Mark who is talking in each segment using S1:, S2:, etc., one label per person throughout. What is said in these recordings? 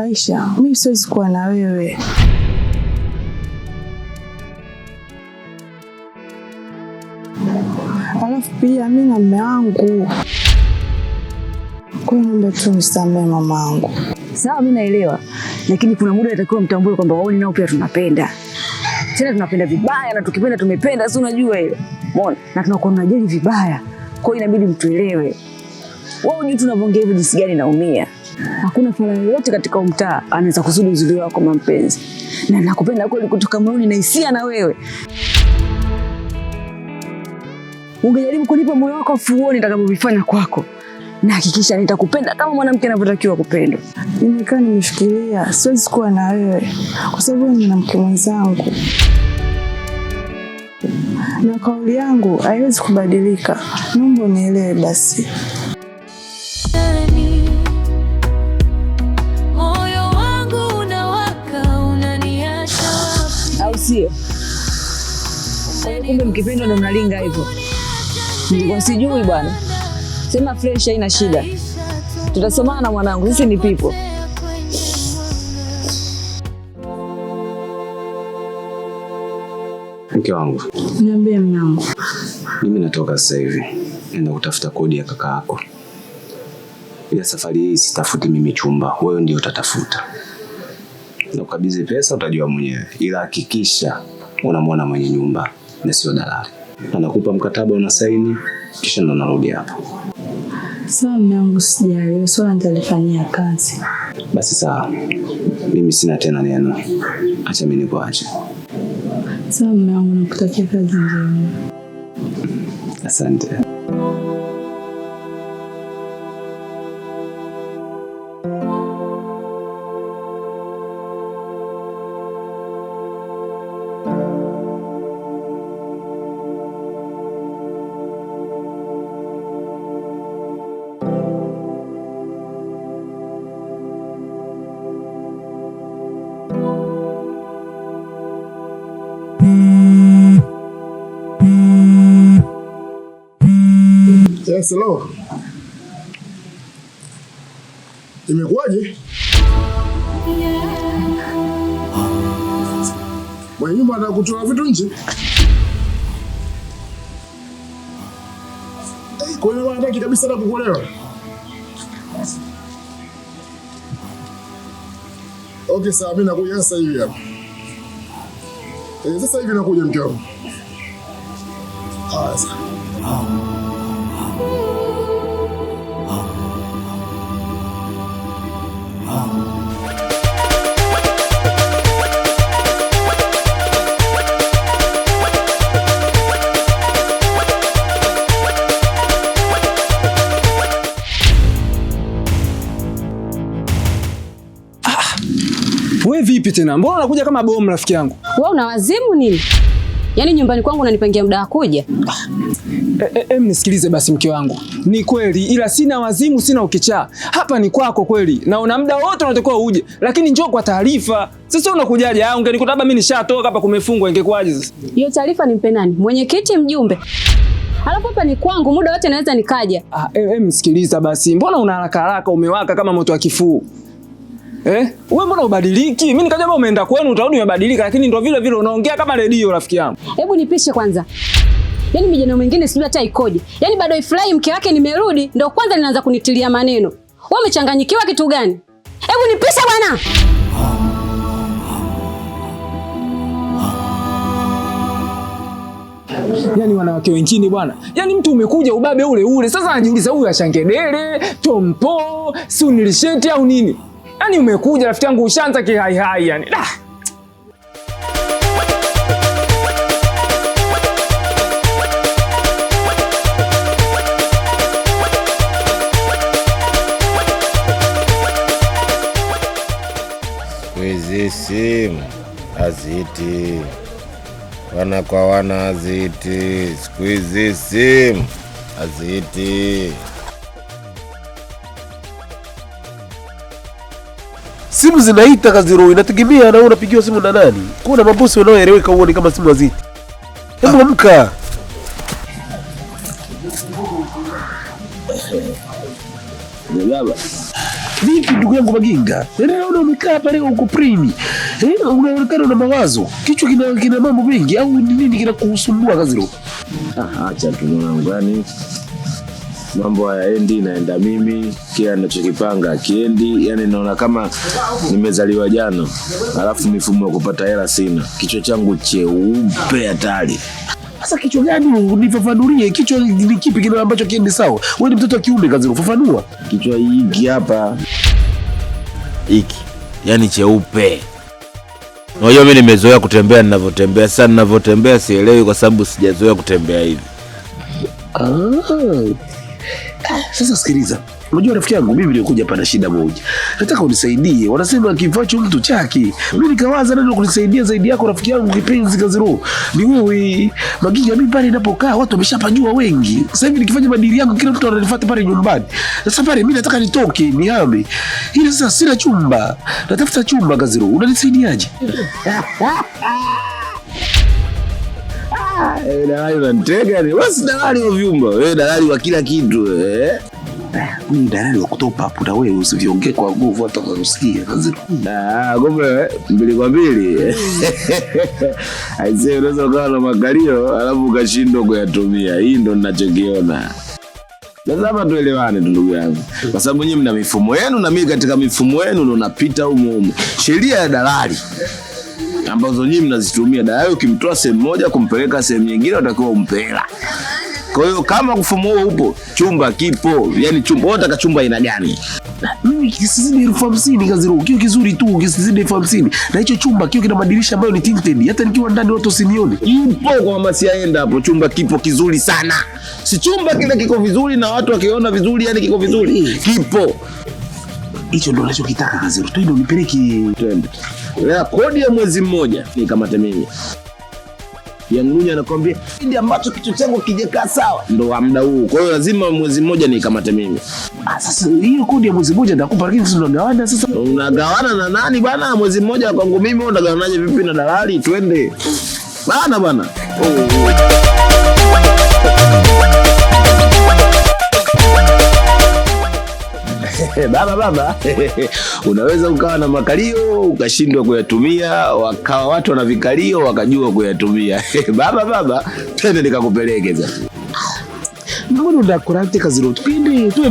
S1: Aisha, mi siwezi kuwa na wewe. Alafu pia mimi na mume wangu, kwa hiyo naomba tu mama mamangu.
S2: Sawa, mimi naelewa, lakini kuna muda atakiwa mtambue kwamba wao nao pia tunapenda tena tunapenda vibaya, na tukipenda tumependa, si unajua hiyo mbona, na tunakuwa tunajali vibaya, kwa hiyo inabidi mtuelewe. Wewe unajua tunavyoongea hivi jinsi gani naumia Hakuna fara yoyote katika mtaa anaweza kuzudu uzuri wako mapenzi, na nakupenda kweli kutoka moyoni na hisia na wewe. Ungejaribu kunipa moyo wako fuoni nitakavyovifanya kwako, na hakikisha nitakupenda kama mwanamke anavyotakiwa kupendwa.
S1: Nimekaa nimeshikilia, siwezi kuwa na wewe kwa sababu ni mwanamke mwenzangu na kauli yangu haiwezi kubadilika. Naomba unielewe basi.
S2: sio? Yaani Kumbe mkipendwa ndo mnalinga hivyo. Nilikuwa sijui bwana. Sema fresh, haina shida, tutasomana na mwanangu, sisi ni pipo.
S3: Mke wangu,
S1: niambie mnangu
S3: Mimi natoka sasa hivi, naenda kutafuta kodi ya kaka yako. Ila safari hii sitafuti mimi chumba, wewe ndio utatafuta na pesa, utajua mwenyewe, ila hakikisha unamwona mwenye nyumba na sio dalali. Anakupa mkataba una saini, kisha ndo narudi hapo.
S1: Sawa mume wangu, sijali swala, nitalifanyia kazi.
S3: Basi sawa, mimi sina tena neno, acha mimi nikuache.
S1: Sawa mume wangu, nakutakia kazi njema.
S3: Asante.
S4: slow. Imekuwaje? Mwenye nyumba anataka kutoa vitu nje. Kwa hiyo hataki kabisa na kukuolewa. Okay, sawa, mimi nakuja sasa hivi hapa. Eh, sasa hivi nakuja mke wangu. Ah, sawa. Ah. We vipi tena, mbona unakuja kama bomu rafiki yangu?
S5: Wewe una wazimu nini? Yaani nyumbani kwangu unanipangia muda wa kuja? Ah.
S4: Eh, e, eh, e, nisikilize basi mke wangu, ni kweli, ila sina wazimu, sina ukichaa. Hapa ni kwako kweli, na una muda wote unatakiwa uje, lakini njoo kwa taarifa. Sasa unakujaje? Ah, Ungenikuta labda mimi nishatoka hapa, kumefungwa, ingekuwaje sasa?
S5: Hiyo taarifa nimpe nani? Mwenyekiti, mjumbe? Alafu hapa ni kwangu, muda wote naweza nikaja.
S4: Ah, e, e, msikiliza basi, mbona una haraka haraka, umewaka kama moto wa kifuu? Eh? Wewe mbona ubadiliki? Mimi nikajua umeenda kwenu utarudi umebadilika, lakini ndio vile vile unaongea kama redio rafiki yangu.
S5: Hebu nipishe kwanza. Yaani mjana mwingine sijui hata ikoje. Yaani bado ifurahi mke wake nimerudi ndio kwanza ninaanza kunitilia maneno. Wewe umechanganyikiwa kitu gani? Hebu nipishe bwana.
S4: Yaani wanawake wengine bwana, yaani mtu umekuja ubabe ule ule. Sasa anajiuliza huyu ashangedele, tompo, sunilisheti au nini? yani umekuja rafiki yangu ushaanza kihaihai yani. Da.
S6: Hizi simu haziti wana kwa wana, haziti siku hizi simu haziti.
S4: simu zinaita kaziro, inategemea na unapigiwa simu na nani. Kuna mabosi wanaoeleweka, huoni kama simu haziti. Hebu amka. Vipi ndugu yangu Maginga, naona umekaa pale uko primi, eh, unaonekana una mawazo, kichwa kina mambo mengi, au nini kinakusumbua Kaziro?
S6: Acha tu mwanangu, yani mambo hayaendi, naenda mimi, kila nachokipanga akiendi. Yani naona kama nimezaliwa jana, alafu mifumo ya kupata hela sina. Kichwa changu cheupe hatari.
S4: Sasa kichwa gani? Nifafanulie, kichwa ni kipi kile ambacho kiendi sawa? Wewe ni mtoto wa kiume, kazi kufafanua
S6: kichwa. Hiki hapa hiki, yani cheupe. Unajua mimi nimezoea kutembea ninavyotembea. Sasa ninavyotembea sielewi, kwa sababu sijazoea kutembea hivi.
S4: Ah. Sasa sikiliza, unajua rafiki yangu, mimi nilikuja hapa na shida moja, nataka unisaidie. Wanasema kifacho mtu chaki. Mimi nikawaza nani kunisaidia zaidi yako rafiki yangu kipenzi Kaziro, ni wewe Magiga, Mimi pale ninapokaa watu wameshapajua wengi. Sasa hivi nikifanya madili yangu kila mtu ananifuata pale nyumbani. Sasa pale mimi nataka nitoke nihame, ili sasa sina chumba, natafuta chumba. Kaziro, unanisaidiaje?
S6: Wewe eh, dalali unanitega ni wewe, si dalali wa vyumba wewe, eh, dalali wa kila kitu wewe. Eh.
S4: Mimi dalali wa kutopa hapo, na wewe usiviongee kwa nguvu, hata usikie kazi.
S6: Ah, kumbe mbili kwa mbili. Aisee, unaweza ukawa na makalio alafu ukashindwa kuyatumia. Hii ndo ninachokiona. Lazima tuelewane tu ndugu yangu, kwa sababu nyinyi mna mifumo yenu na mimi katika mifumo yenu ndo napita humo humo. Sheria ya dalali ambazo nyinyi mnazitumia. na hiyo ukimtoa sehemu moja kumpeleka sehemu nyingine, unatakiwa umpe hela. Kwa hiyo kama mfumo huo upo, chumba kipo. Yani chumba wewe unataka chumba aina gani?
S4: Mimi kisizidi elfu hamsini kaziro, kio kizuri tu, kisizidi elfu hamsini na hicho chumba kio kina madirisha ambayo ni tinted, hata nikiwa ndani watu sinione. Ipo kwa mama siaenda hapo, chumba kipo kizuri sana. Si chumba kile kiko vizuri na watu wakiona vizuri, yani kiko vizuri, kipo hicho ndo nachokitaka kaziro, twende unipeleke, twende
S6: na kodi ya mwezi mmoja nikamate mimi Yangunya anakwambia kipindi ambacho kichwa changu kijakaa sawa ndo wa muda huu, kwa hiyo lazima mwezi mmoja nikamate mimi.
S4: Ah, sasa hiyo kodi ya mwezi mmoja nitakupa, lakini sisi tunagawana sasa.
S6: Unagawana na nani bana? Mwezi mmoja kwangu mimi, wewe unagawanaje vipi na dalali? Twende bana bana, oh. Eh, baba baba unaweza ukawa na makalio ukashindwa kuyatumia, wakawa watu wana vikalio wakajua kuyatumia. baba baba, twende nikakupeleke sasa.
S4: mbona ndakurate tu, twembii tu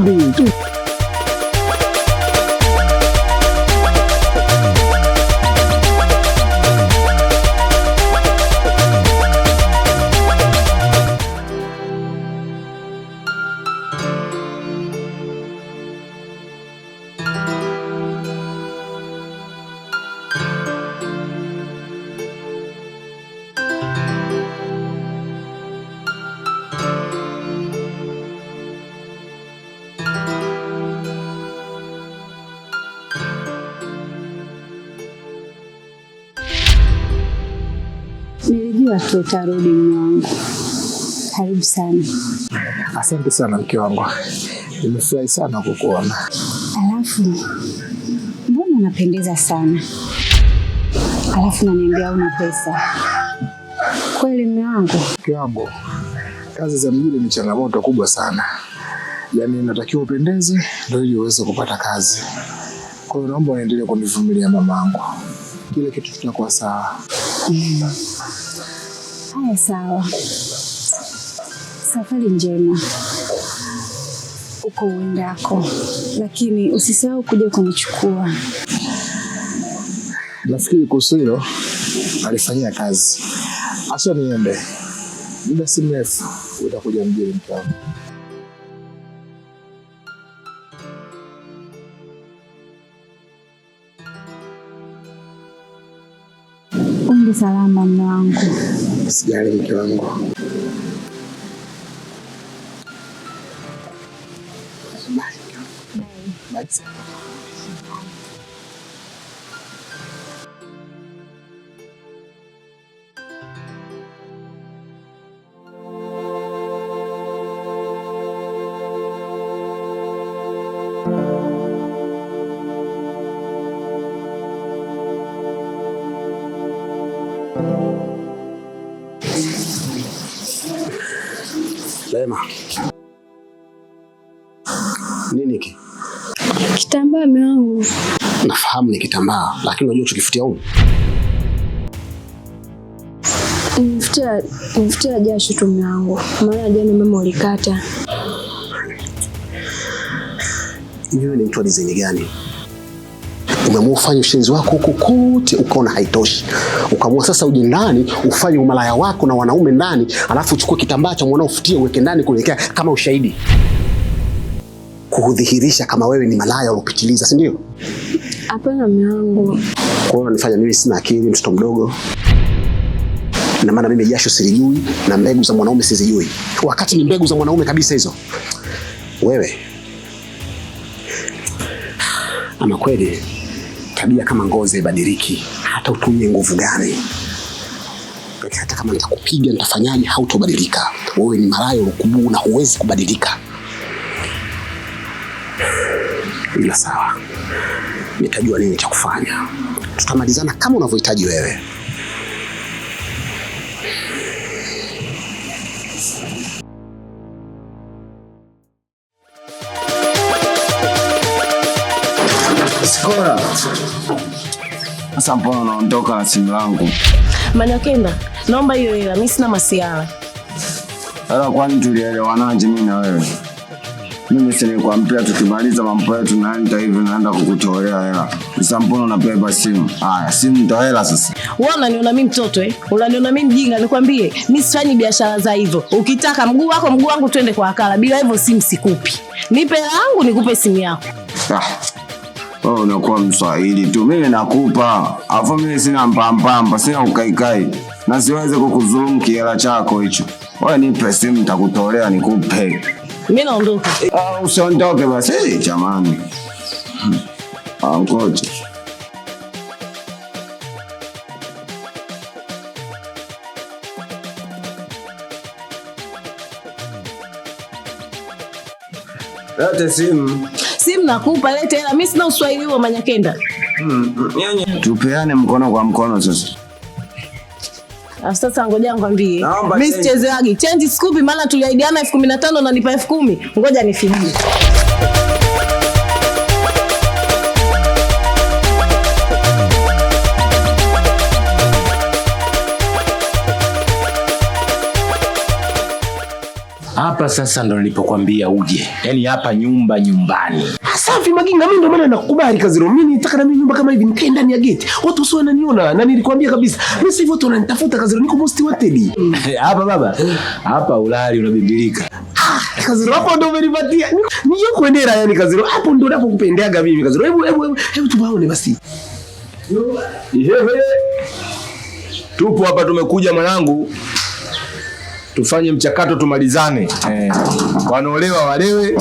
S1: Najua tu utarudi mume wangu. Karibu sana.
S4: Asante sana mke wangu, nimefurahi sana kukuona.
S1: Alafu mbona unapendeza sana, alafu naniambia una pesa kweli? Mume wangu,
S4: mke wangu, kazi za mjini ni changamoto kubwa sana, yaani natakiwa upendeze ndio ili uweze kupata kazi. Kwa hiyo naomba uendelee kunivumilia mamangu, kile kitu kitakuwa sawa. mm.
S1: Haya, sawa. Safari njema uko uendako, lakini usisahau kuja kunichukua.
S4: Nafikiri kuhusu hilo alifanyia kazi. Acha niende, muda si mrefu utakuja mjini mtaani.
S1: Yuko salama mume wangu.
S4: Sijali mke wangu. Bye. Bye. Bye. Sema. Nini ki?
S1: Kitambaa mume
S4: Nafahamu ni kitambaa, lakini unajua uchokifutia huko?
S1: Nifutia, nifutia jasho tu mume Maana jana mama ulikata.
S4: Hiyo ni mtu wa dizaini gani? umeamua ufanye ushenzi wako huko kote, ukaona haitoshi, ukaamua sasa uje ndani ufanye umalaya wako na wanaume ndani, alafu uchukue kitambaa cha mwanao ufutie, uweke ndani kuelekea kama ushahidi, kudhihirisha kama wewe ni malaya uliopitiliza, si ndio?
S1: Hapana mwanangu,
S4: kwa hiyo nifanya mimi sina akili, mtoto mdogo na maana mimi jasho silijui na mbegu za mwanaume sizijui, wakati ni mbegu za mwanaume kabisa hizo. Wewe ama kweli tabia kama ngozi haibadiliki, hata utumie nguvu gani, hata kama nitakupiga nitafanyaje, hautobadilika. Wewe ni malaya ukubu na huwezi kubadilika. Ila sawa, nitajua nini cha kufanya, tutamalizana kama unavyohitaji wewe.
S6: Kora. Sasa mbona unaondoka na simu yangu?
S5: Maana kenda, naomba hiyo hela, mimi sina masiara.
S6: Sasa kwani tulielewanaje mimi na wewe? Mimi si nilikwambia tukimaliza mambo yetu naenda hivi naenda kukutolea hela. Sasa mbona unabeba simu? Haya, simu ndio sasa.
S5: Wewe unaniona mimi mtoto eh? Unaniona mimi mjinga nikwambie, mimi sifanyi biashara za hivyo. Ukitaka mguu wako mguu wangu twende kwa wakala, bila hivyo simu sikupi. Nipe hela yangu nikupe simu yako. Ah
S6: wewe oh, unakuwa mswahili tu, mimi nakupa, alafu mimi sina mpampamba, sina ukaikai na siwezi kukudhulumu kihela chako hicho. Wewe nipe simu, nitakutolea nikupe.
S5: Mimi naondoka.
S6: Uh, usiondoke basi jamani. Ah, ngoja. Lete simu
S5: nakupa lete hela. Mimi sina uswahili wa Manyakenda.
S6: Tupeane mkono kwa mkono sasa.
S5: Ah, sasa ngoja ngwambie, mimi sichezeagi change sikupi, maana tuliaidiana elfu kumi na tano na nipa elfu kumi Ngoja nifidie.
S4: hapa sasa, ndo nilipokuambia uje, yaani hapa nyumba nyumbani Safi Maginga, mimi ndio maana nakukubali Kaziro. Mimi nitaka na mimi nyumba kama hivi nikae ndani ya geti, Watu wasio wananiona na nilikwambia kabisa. Mimi sasa hivi watu wananitafuta Kaziro, niko most wanted.
S6: Hapa baba. Hapa ulali unabibilika.
S4: Ah, kazi Kaziro hapo ndio umenipatia. ni yuko kuendea yani kazi Kaziro. Hapo ndio napokupendeaga mimi kazi Kaziro. Hebu hebu hebu tubaone basi. Tupo hapa tumekuja mwanangu. Tufanye mchakato tumalizane. Eh, wanaolewa walewe.